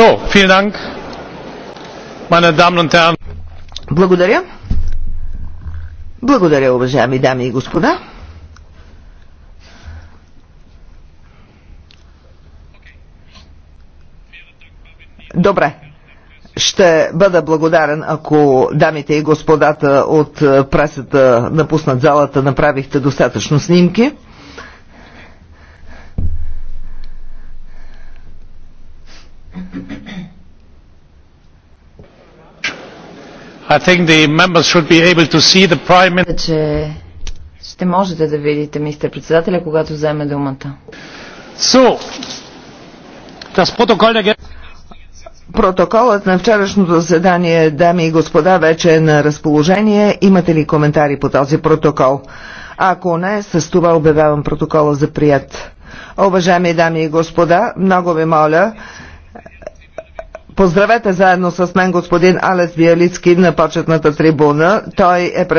So, vielen Dank, meine Damen und Herren. Благодаря. Благодаря, уважаеми дами и господа. Добре. Ще бъда благодарен, ако дамите и господата от пресата напуснат залата, направихте достатъчно снимки. I think the members should be able to see the prime minister. Че ще можете да видите мистер председателя когато вземе думата. So, das Protokoll der Протоколът на вчерашното заседание, дами и господа, вече е на разположение. Имате ли коментари по този протокол? Ако не, с това обявявам протокола за прият. Уважаеми дами и господа, много ви моля, Поздравете заедно с мен господин Алес Биялицки на почетната трибуна. Той е пред